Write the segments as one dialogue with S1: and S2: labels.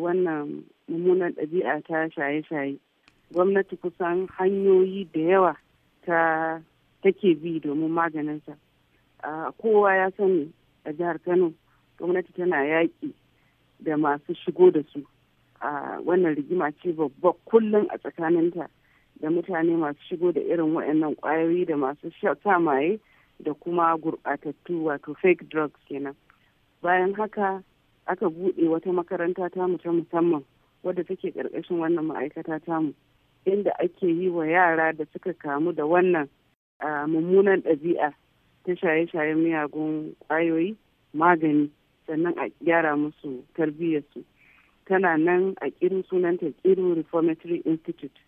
S1: wannan mummunan ɗabi'a ta shaye-shaye gwamnati kusan hanyoyi da yawa ta take bi domin maganinsa kowa ya sani a jihar kano gwamnati tana yaƙi da masu shigo da su a wannan rigima ce babba kullum a tsakaninta da mutane masu shigo da irin waɗannan ƙwayoyi da masu sa maye da kuma gurɓatattu wato fake drugs kenan bayan haka aka buɗe wata makaranta tamu ta musamman wadda take ƙarƙashin wannan ma'aikata tamu inda ake yi wa yara da suka kamu da wannan mummunan ɗabi'a ta shaye-shayen miyagun ƙwayoyi magani sannan a gyara musu tarbiyyarsu tana nan a ƙirin sunanta ƙiru reformatory institute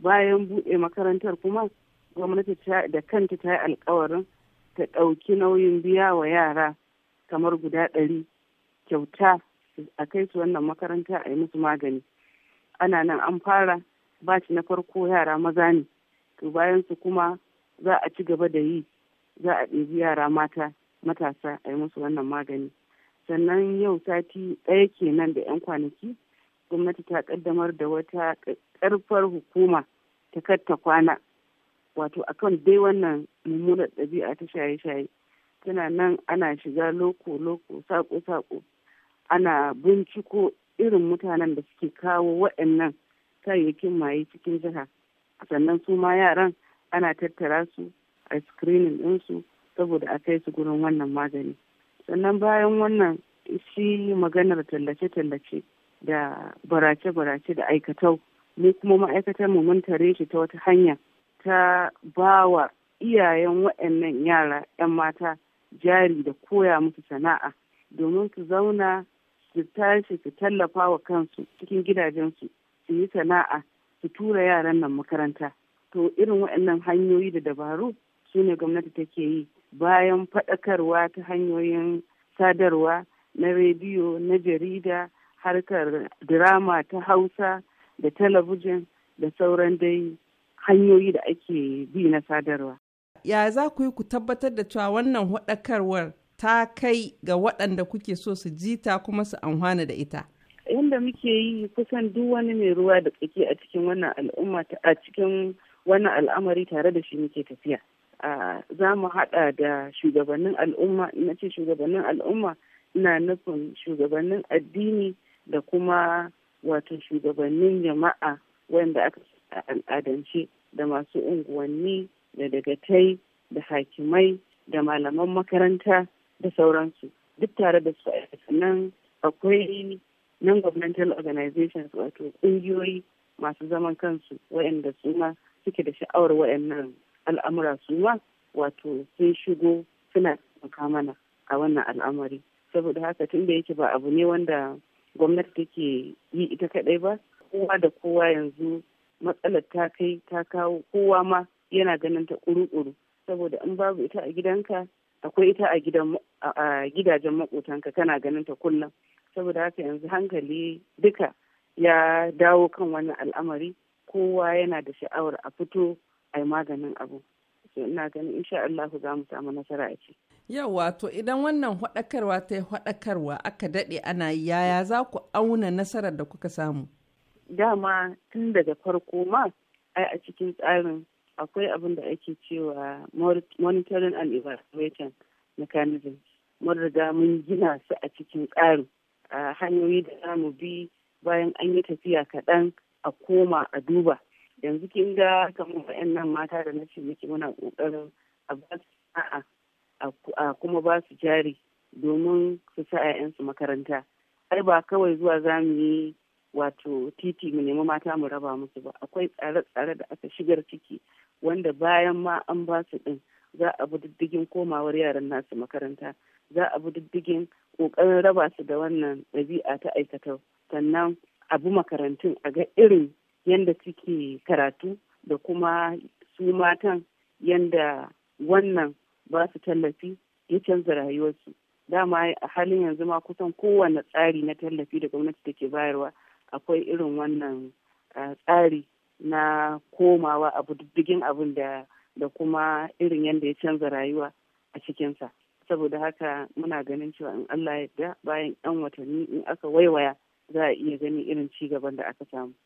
S1: bayan buɗe makarantar kuma gwamnati da kanta ta yi alkawarin ta ɗauki nauyin biya wa yara kamar guda ɗari kyauta a kai su wannan makaranta a yi musu magani ana nan an fara shi na farko yara maza ne to bayan su kuma za a ci gaba da yi za a ɗebi yara mata matasa a yi musu wannan magani sannan yau sati ɗaya kenan da 'yan kwanaki gwamnati ta ƙaddamar da wata ƙarfar hukuma ta katta kwana wato akan dai wannan mummunar ɗabi'a ta shaye-shaye tana nan ana shiga loko-loko sako-sako ana binciko irin mutanen da suke kawo waɗannan kayayyakin maye cikin jiha sannan su ma yaran ana tattara su a screening ɗinsu saboda a kai su gurin wannan magani sannan bayan wannan shi maganar tallace-tallace da barace-barace da aikatau ne kuma ma'aikatar mu mun tare shi ta wata hanya ta ba wa iyayen waɗannan yara 'yan mata jari da koya musu sana'a domin su zauna su tashi su tallafa wa kansu cikin gidajensu su yi sana'a su tura yaran nan makaranta to irin waɗannan hanyoyi da dabaru su ne gwamnati take yi bayan faɗakarwa ta hanyoyin sadarwa na rediyo na jarida harkar drama ta hausa da talabijin da sauran dai hanyoyi da ake bi na sadarwa. Ya za ku yi ku tabbatar da cewa wannan haɗakarwar ta kai ga waɗanda kuke so su ji ta kuma su amfana da ita? Yanda muke yi kusan duk wani mai ruwa da tsaki a cikin wannan al'umma a cikin wani al'amari tare da shi muke tafiya. Za mu haɗa da shugabannin al'umma, na ce shugabannin al'umma na nufin shugabannin addini da kuma wato shugabannin jama'a wanda aka al'adance da masu unguwanni da dagatai da hakimai da malaman makaranta da sauransu duk tare da su sannan akwai non governmental organizations wato ƙungiyoyi masu zaman kansu waɗanda su ma suke da sha'awar waɗannan al'amura su ma wato sun shigo suna taimaka mana a wannan al'amari saboda haka tun da yake ba abu ne wanda gwamnati take yi ita kaɗai ba kowa da kowa yanzu matsalar ta kai ta kawo kowa ma yana ganin ta ƙuru saboda in babu ita a gidanka akwai ita a gidajen makotanka kana ganin ta kullum saboda haka yanzu hankali duka ya dawo kan wani al'amari kowa yana da sha'awar a fito a maganin abu ina ganin insha Allah za mu samu nasara a ci yawa to idan wannan hwadakarwa ta hwadakarwa aka dade ana yaya za ku auna nasarar da kuka samu dama tun daga farko ma ai a cikin tsarin akwai abin da ake cewa monitoring and evaluation mechanism mun riga mun gina su a cikin a hanyoyi da za mu bi bayan an yi tafiya kaɗan a koma a duba yanzu kin ga kamar nan mata da na ce miki muna ƙoƙarin a ba su a'a a kuma ba su jari domin su sa 'ya'yansu makaranta ai ba kawai zuwa za mu yi wato titi mu nemi mata mu raba musu ba akwai tsare-tsare da aka shigar ciki wanda bayan ma an ba su din za a bi diddigin komawar yaran nasu makaranta za a bi diddigin kokarin raba su da wannan ɗabi'a ta aikata sannan abu makarantun a ga irin yadda suke karatu da kuma su matan yadda wannan ba su tallafi ya canza rayuwarsu dama a halin yanzu ma kusan kowane tsari na tallafi da gwamnati take bayarwa akwai irin wannan eh, tsari na komawa abu diddigin abin da kuma irin yadda ya canza rayuwa a cikinsa saboda haka muna ganin cewa in Allah ya bayan 'yan watanni in aka waiwaya za a iya ganin irin ci gaban da aka samu.